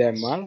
Denmark